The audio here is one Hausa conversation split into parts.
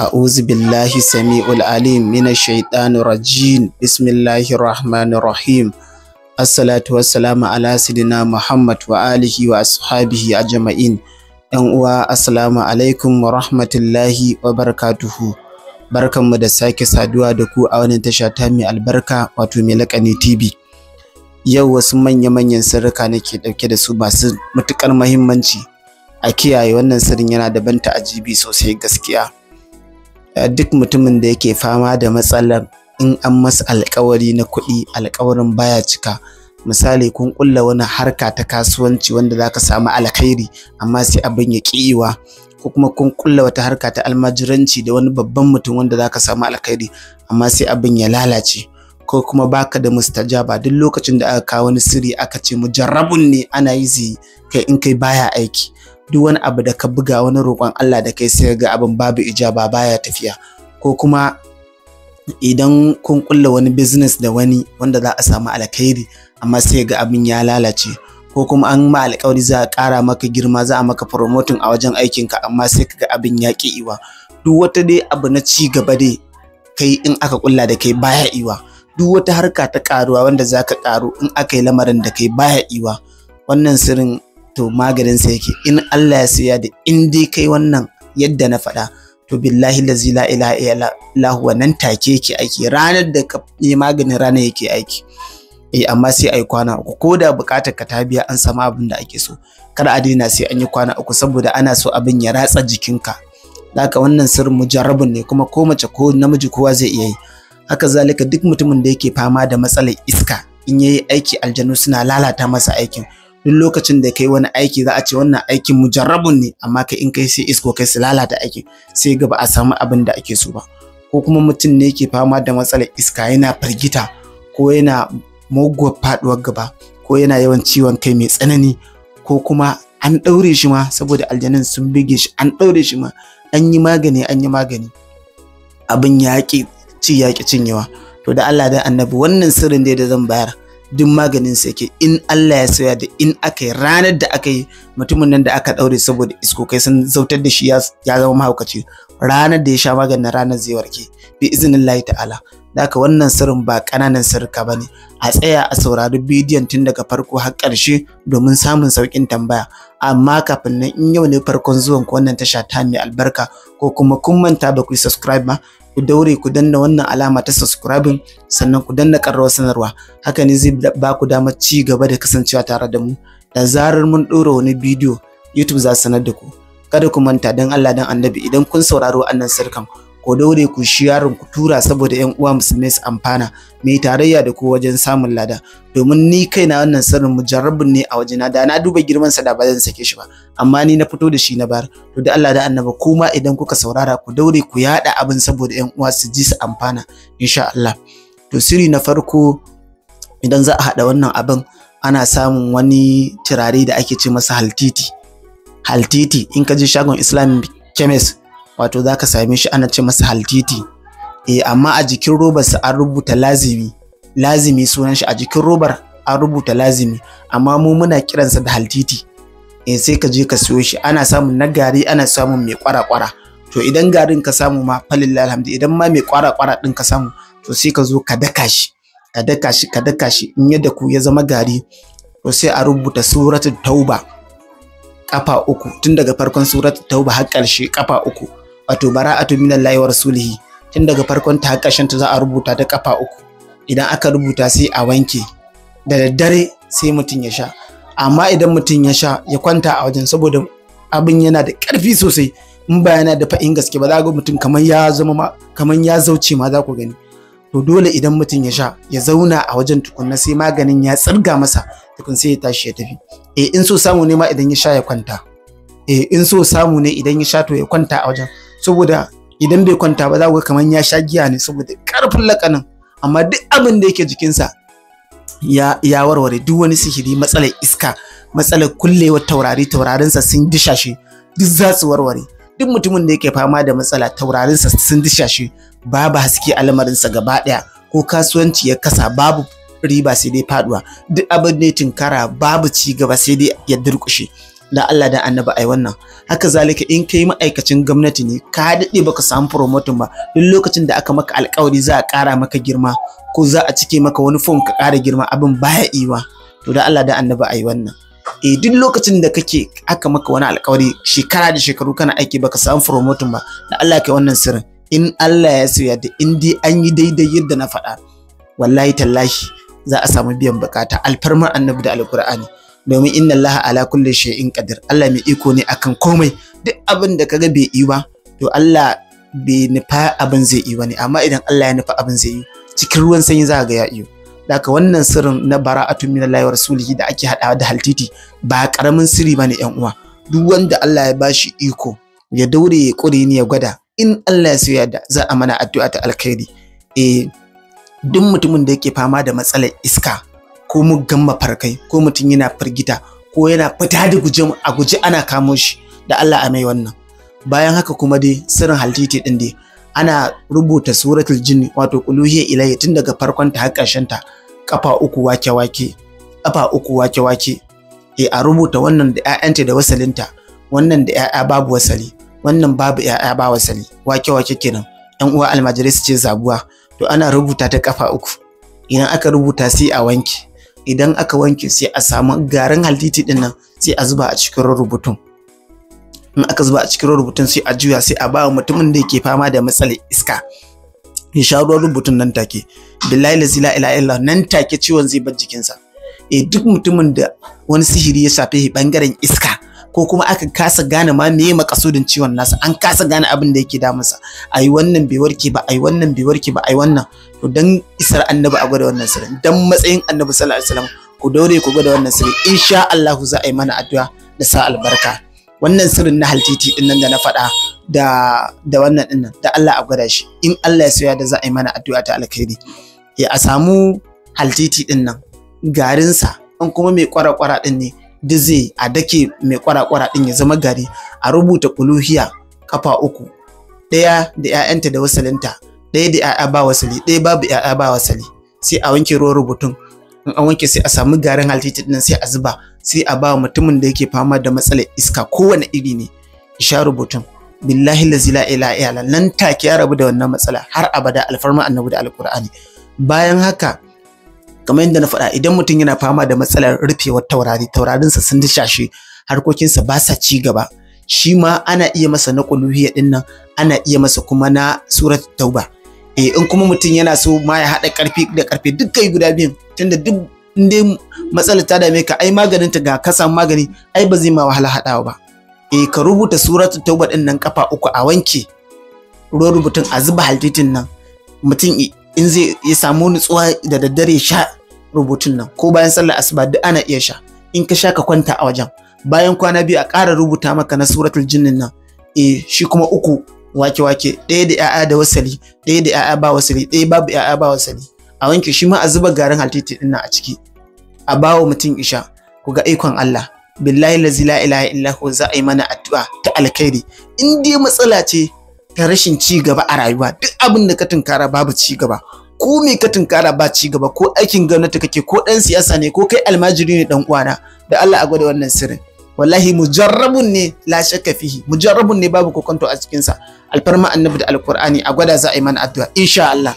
أعوذ sami'ul alim العليم من الشيطان الرجيم بسم الله wa الرحيم الصلاة والسلام على سيدنا محمد وآله وأصحابه أجمعين ‘Yan uwa, Assalamu alaikum wa rahmatullahi wa barakatuhu, barkanmu da sake saduwa da ku a wani tasha ta mai albarka wato mai TV. Yau wasu manya-manyan sirrika nake ɗauke da su masu matuƙar muhimmanci. A kiyaye wannan sirrin yana da ban ta'ajibi sosai gaskiya. Eh, duk mutumin da yake fama da matsalar in an masa alkawari na kuɗi alkawarin baya cika misali kun ƙulla wani harka ta kasuwanci wanda za ka samu alkhairi amma sai abin ya ƙiwa ko kuma kun ƙulla wata harka ta almajiranci da wani babban mutum wanda za ka samu alkhairi amma sai abin ya lalace ko kuma baka da mustajaba duk lokacin da aka kawo wani sirri aka ce mujarrabun ne ana yi zai kai in kai baya aiki duk wani abu da ka buga wani roƙon Allah da kai sai ga abin babu ijaba baya tafiya ko kuma idan kun kulla wani business da wani wanda za a samu alkhairi amma sai ga abin ya lalace ko kuma an ma alkawari za a ƙara maka girma za a maka promoting a wajen aikin ka amma sai ka ga abin ya ƙi iwa duk wata dai abu na ci gaba dai kai in aka kulla da kai baya iwa duk wata harka ta karuwa wanda za ka karu in aka yi lamarin da kai baya iwa wannan sirrin to maganin sa yake in Allah ya saya da in dai kai wannan yadda na faɗa to billahi la ilaha illa huwa nan take yake aiki ranar da ka yi maganin ranar yake aiki eh amma sai ai kwana uku ko da bukatar ka ta biya an sama abin da ake so kar a daina sai an yi kwana uku saboda ana so abin ya ratsa jikinka haka wannan sirrin mujarrabun ne kuma ko mace ko namiji kowa zai iya yi haka zalika duk mutumin da yake fama da matsalar iska in yayi aiki aljanu suna lalata masa aikin duk lokacin da kai wani aiki za a ce wannan aikin mujarrabun ne amma kai in kai sai isko kai su lalata aikin sai ga ba a samu abin da ake so ba ko kuma mutum ne yake fama da matsalar iska yana firgita ko yana muguwar faduwar gaba ko yana yawan ciwon kai mai tsanani ko kuma an ɗaure shi ma saboda aljanin sun bige shi an ɗaure shi ma an yi magani an yi magani abin yaƙi ci yaƙi cinyewa to da Allah da annabi wannan sirrin dai da zan bayar duk maganin sa yake in Allah ya saya da in aka yi ranar da aka yi mutumin nan da aka daure saboda isko kai sun zautar da shi ya zama mahaukaci ranar da ya sha maganin ranar zai warke bi izinin Allah ta'ala da haka wannan sirrin ba kananan sirka ba ne a tsaya a saurari bidiyon tun daga farko har ƙarshe domin samun sauƙin tambaya amma kafin nan in yau ne farkon zuwan ku wannan tasha ta mai albarka ko kuma kun manta ba ku yi subscribe ba ku daure ku danna wannan alama ta subscribing sannan ku danna ƙarrawar sanarwa haka ne zai ba ku damar ci gaba da kasancewa tare da mu da zarar mun ɗora wani bidiyo YouTube za su sanar da ku kada ku manta don Allah dan Annabi idan kun sauraro annan sirkan ku daure ku shi yaron ku tura saboda yan uwa musulmi su amfana mai tarayya da ku wajen samun lada domin ni kaina wannan sirrin mujarrabun ne a wajena da na duba girman sa da ba zan sake shi ba amma ni na fito da shi na bar to da Allah da annaba kuma idan kuka saurara ku daure ku yada abin saboda yan uwa su ji su amfana insha Allah to sirri na farko idan za a hada wannan abin ana samun wani turare da ake ce masa haltiti haltiti in ka je shagon islamic chemist wato za ka same shi ana ce masa haltiti e, eh, amma a jikin robar sa an rubuta lazimi lazimi sunan shi a jikin robar an rubuta lazimi amma mu muna kiransa da haltiti e, eh, sai ka je ka siyo shi ana samun na gari ana samun mai kwara-kwara to idan garin ka samu ma falilla alhamdu idan ma mai kwara-kwara din ka samu to sai ka zo ka daka shi ka daka shi ka daka shi in yadda ku ya zama gari to sai a rubuta suratul tauba kafa uku tun daga farkon suratul tauba har ƙarshe kafa uku wato bara'atu minallahi wa rasulihi tun daga farkon ta kashin ta za a rubuta ta kafa uku idan aka rubuta sai a wanke da daddare sai mutum ya sha amma idan mutum ya sha ya kwanta a wajen saboda abin yana da ƙarfi sosai in ba yana da fa'in gaske ba za ga mutum kamar ya zama ma kamar ya zauce ma za ku gani to dole idan mutum ya sha ya zauna a wajen tukunna sai maganin ya tsirga masa tukun sai ya tashi ya tafi eh in so samu ne ma idan ya sha ya kwanta eh in so samu ne idan ya sha to ya kwanta a wajen saboda idan bai kwanta ba za ku kamar ya sha giya ne saboda karfin lakanin amma duk abin da yake jikinsa ya ya warware duk wani sihiri matsalar iska matsalar kullewar taurari taurarinsa sun dishashe duk za su warware duk mutumin da yake fama da matsala taurarinsa sun dishashe babu haske a lamarinsa gaba ɗaya ko kasuwanci ya kasa babu riba sai dai faduwa duk abin da ya tinkara babu ci gaba sai dai ya durkushe da Allah da annabi ai wannan haka zalika in kai ma'aikacin gwamnati ne ka daɗe baka samu promotion ba duk lokacin da aka maka alkawari za a ƙara maka girma ko za a cike maka wani form ka ƙara girma abin baya iwa to da Allah da annabi ai wannan eh duk lokacin da kake aka maka wani alƙawari shekara da shekaru kana aiki baka samu promotion ba da Allah kai wannan sirrin in Allah ya so da in dai an yi daidai yadda na faɗa wallahi tallahi za a samu biyan bukata alfarmar annabi da alkur'ani domin inna Allah ala kulli shay'in qadir Allah mai iko ne akan komai duk abin da kaga bai yi ba to Allah bai nufa abin zai yi ne. amma idan Allah ya nufa abin zai yi cikin ruwan sanyi za ga ya iyo daga wannan sirrin na bara'atu Allah wa rasulihi da ake hadawa da haltiti ba karamin sirri bane yan uwa duk wanda Allah ya bashi iko ya daure ya kure ni ya gwada in Allah ya so da za a mana addu'a ta alkhairi eh duk mutumin da yake fama da matsalar iska ko muggan mafarkai ko mutum yana firgita ko yana fita da guje a guje ana kamo shi da Allah a mai wannan bayan haka kuma dai sirrin haltiti din dai ana rubuta suratul jinni wato kuluhiyya ilayya tun daga farkon ta har ƙarshen ta kafa uku wake wake kafa uku wake wake eh a rubuta wannan da ƴaƴanta da wasalinta wannan da ƴaƴa babu wasali wannan babu ƴaƴa ba wasali wake wake kenan ɗan uwa almajirai su ce zabuwa to ana rubuta ta kafa uku idan aka rubuta sai a wanke idan aka wanke sai a samu garin haltiti din nan sai a zuba a cikin rubutun in aka zuba a cikin rubutun sai a juya sai a ba mutumin da yake fama da matsalar iska ya sha ruwan rubutun nan take billahi la ilaha illallah nan take ciwon zai bar jikinsa eh duk mutumin da wani sihiri ya shafe bangaren iska ko kuma aka kasa gane ma meye makasudin ciwon nasa an kasa gane abin da yake masa ai wannan bai warke ba ai wannan bai warke ba ai wannan to dan isar annabi a gwada wannan sirrin dan matsayin annabi sallallahu alaihi wasallam ku daure ku gwada wannan sirri insha Allah za a yi mana addu'a da sa albarka wannan sirrin na haltiti din nan da na faɗa da da wannan din nan da Allah a gwada shi in Allah ya soya da za a yi mana addu'a ta alkhairi ya a samu haltiti din nan garinsa an kuma mai kwara-kwara din ne dize a dake mai kwara-kwara din ya zama gari a rubuta kuluhiya kafa uku ɗaya da 'ya'yanta da wasalinta ɗaya da 'ya'ya ba wasali ɗaya babu 'ya'ya ba wasali sai a wanke ruwan rubutun in an wanke sai a samu garin halittar din sai a zuba sai a ba mutumin da yake fama da matsalar iska kowane iri ne sha rubutun billahi la la ila ila nan take ya rabu da wannan matsala har abada alfarma annabi da alqur'ani bayan haka kamar yadda na faɗa idan mutum yana fama da matsalar rufewar taurari taurarinsa sun dishashe harkokinsa ba sa ci gaba shi ma ana iya masa na kuluhiya dinnan, ana iya masa kuma na surat tauba eh in kuma mutum yana so ma ya haɗa ƙarfi da ƙarfi dukkan guda biyun tunda duk inda matsalar ta dame ka ai maganin ta ga ka magani ai ba zai ma wahala haɗawa ba eh ka rubuta surat tauba dinnan nan kafa uku a wanke ruwan rubutun a zuba haltitin nan mutum in zai ya samu nutsuwa da daddare sha rubutun nan ko bayan sallar asuba duk ana iya sha in ka sha ka kwanta a wajen bayan kwana biyu a ƙara rubuta maka na suratul jinnin nan E! shi kuma uku wake wake ɗaya da ƴaƴa da wasali ɗaya da 'ya'ya ba wasali ɗaya babu ƴaƴa ba wasali a wanke shi ma a zuba garin haltiti ɗin nan a ciki a bawa mutum isha ku ga ikon Allah billahi la ilaha illa za a yi mana addu'a ta alkhairi in dai matsala ce ta rashin ci gaba a rayuwa duk abin da ka tunkara babu ci gaba ko me ka tunkara ba ci gaba ko aikin gwamnati kake ko dan siyasa ne ko kai almajiri ne dan uwana da Allah a gwada wannan sirrin wallahi mujarrabun ne la shakka fihi mujarrabun ne babu kokonto a cikin sa alfarma annabi da alqur'ani a gwada za a yi mana addu'a insha Allah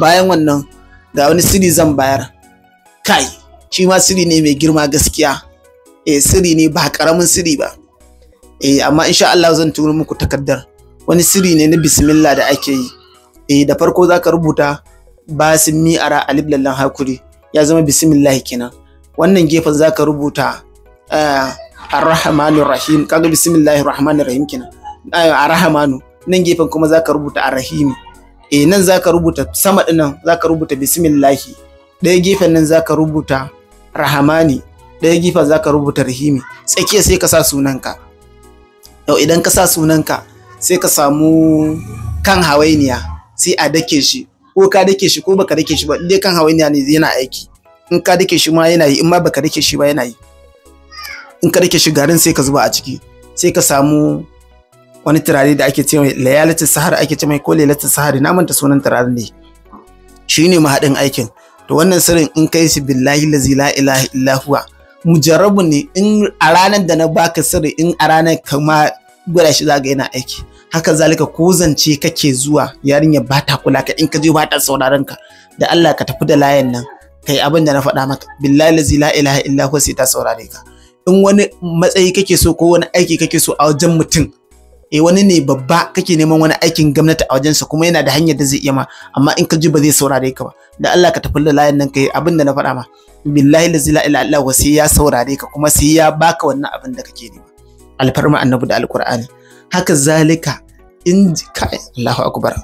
bayan wannan ga wani sirri zan bayar kai shi ma siri ne mai girma gaskiya eh sirri ne ba karamin sirri ba eh amma insha Allah zan turo muku takardar wani sirri ne na bismillah da ake yi eh da farko zaka rubuta basin ara alif lallan hakuri ya zama bismillah kenan wannan gefen zaka rubuta eh, arrahmanir rahim kaga bismillahir rahmanir rahim kenan eh, arrahmanu nan gefen kuma zaka rubuta arrahim eh nan zaka rubuta sama za zaka rubuta bismillah ɗaya gefen nan zaka rubuta rahmani. ɗaya gefen zaka rubuta rahimi tsakiya sai ka sa sunanka yau idan ka sa sunanka sai ka samu kan hawainiya sai a dake shi ko ka dake shi ko baka dake shi ba dai kan hawainiya ne yana aiki in ka dake shi ma yana yi in ma baka dake shi ba yana yi in ka dake shi garin sai ka zuba a ciki sai ka samu wani turare da ake cewa mai layalatin sahara ake cewa ko layalatin sahara na manta sunan turaren ne shine mahaɗin aikin to wannan sirrin in kai shi billahi lazi la ilaha illa huwa mujarrabu ne in a ranar da na baka sirri in a ranar kama gwada shi zaga yana aiki haka zalika ko zance kake zuwa yarinya ba ta kula ka in ka je ba ta sauraron ka da Allah ka tafi da layin nan kai abin da na faɗa maka billahi la ilaha illa huwa sai ta saurare ka in wani matsayi kake so ko wani aiki kake so a wajen mutum eh wani ne babba kake neman wani aikin gwamnati a wajensa kuma yana da hanyar da zai iya ma amma in ka ji ba zai saurare ka ba da Allah ka tafi da layin nan kai abin da na faɗa ma billahi la ilaha illa huwa sai ya saurare ka kuma sai ya baka wannan abin da kake nema alfarma annabi da alkur'ani haka zalika in kai Allahu akbar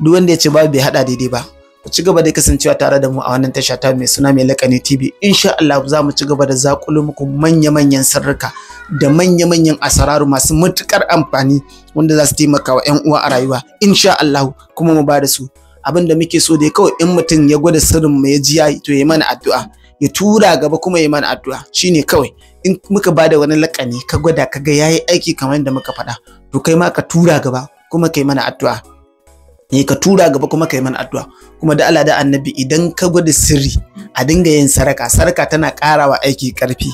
duk wanda ya ce babu bai hada daidai ba ku ci gaba da kasancewa tare da mu a wannan tasha ta mai suna mai lakani TV insha Allah za mu ci gaba da zakulu muku manya-manyan sirrika da manya-manyan asararu masu matukar amfani wanda za su taimaka wa ƴan uwa a rayuwa insha Allah kuma mu ba da su abin da muke so dai kawai in mutum ya gwada sirrin mu ya ji yayi to ya mana addu'a ya tura gaba kuma ya mana addu'a shine kawai in muka bada wani lakani ka gwada ka ga yayi aiki kamar da muka faɗa to kai ma ka tura gaba kuma kai mana addu'a ne eh, ka tura gaba kuma kai mana addu'a kuma da Allah da Annabi idan ka gwada sirri a dinga yin saraka saraka tana karawa aiki karfi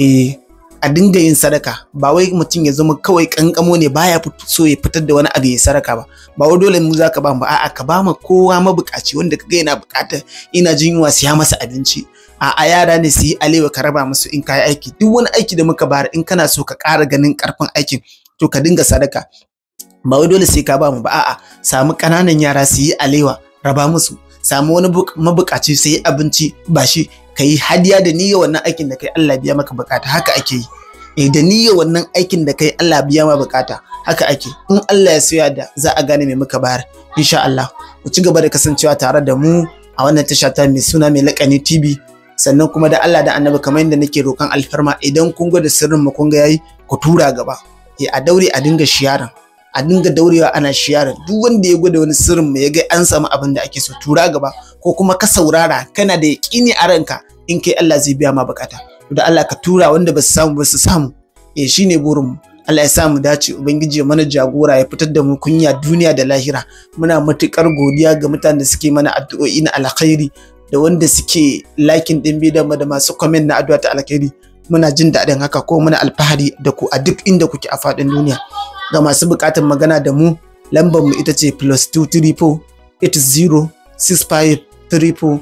eh a dinga yin sadaka ba wai mutum ya zama kawai kankamo ne baya so ya fitar da wani abu ya sadaka ba ba wai dole mu zaka ba mu a'a ka ba ma kowa mabukaci wanda kaga yana bukata ina jin yunwa siya masa abinci a yara ne su yi alewa ka raba musu in kayi aiki duk wani aiki da muka bayar in kana so ka ƙara ganin ƙarfin aikin to ka dinga sadaka ba wai dole sai ka ba mu ba a'a samu ƙananan yara su yi alewa raba musu samu wani mabukaci sai abinci ba shi ka yi hadiya da niyya wannan aikin da kai Allah biya maka bukata haka ake yi eh, da niyya wannan aikin da kai Allah biya ma bukata haka ake in Allah ya soya da za a gane me muka bayar insha Allah ku ci gaba da kasancewa tare da mu a wannan tasha ta mai suna mai lakani TV sannan kuma da Allah da annabi kamar yadda nake roƙon alfarma idan kun gwada sirrin mu kun ga yayi ku tura gaba eh, a daure a dinga shiyara a dinga daurewa ana shiyara duk wanda ya gwada wani sirrin mu ya ga an samu abin da ake so tura gaba ko kuma ka saurara kana da yaƙini a ranka in kai Allah zai biya ma bukata to da Allah ka tura wanda ba su samu ba su samu eh shine burin mu Allah ya sa mu dace ubangiji ya mana jagora ya fitar da mu kunya duniya da lahira muna matukar godiya ga mutanen da suke mana addu'o'i na alkhairi da wanda suke likin din bidiyon mu da masu comment na addu'a ta alkhairi muna jin daɗin haka ko muna alfahari da ku a duk inda kuke a faɗin duniya ga masu buƙatar magana da mu lambar mu ita ce plus 234 80 65 34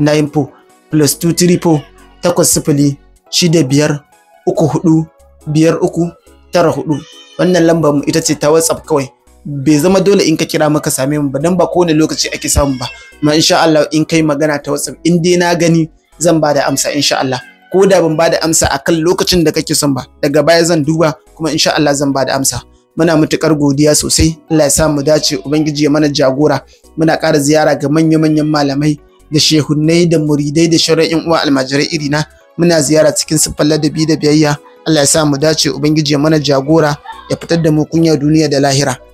53 plus 234 takwas sifili shida biyar uku hudu biyar uku tara hudu wannan lambar mu ita ce ta whatsapp kawai bai zama dole in ka kira maka same mu ba dan ba kowane lokaci ake samu ba amma insha Allah in kai magana ta WhatsApp in dai na gani zan ba da amsa insha Allah ko da ban ba da amsa akan lokacin da kake son ba daga baya zan duba kuma insha Allah zan ba da amsa muna mutukar godiya sosai Allah ya sa mu dace ubangiji ya mana jagora muna ƙara ziyara ga manya-manyan malamai da shehunnai da muridai da shari'in uwa almajirai iri na. muna ziyara cikin siffar ladabi da biyayya Allah ya sa mu dace ubangiji ya mana jagora ya fitar da mu kunya duniya da lahira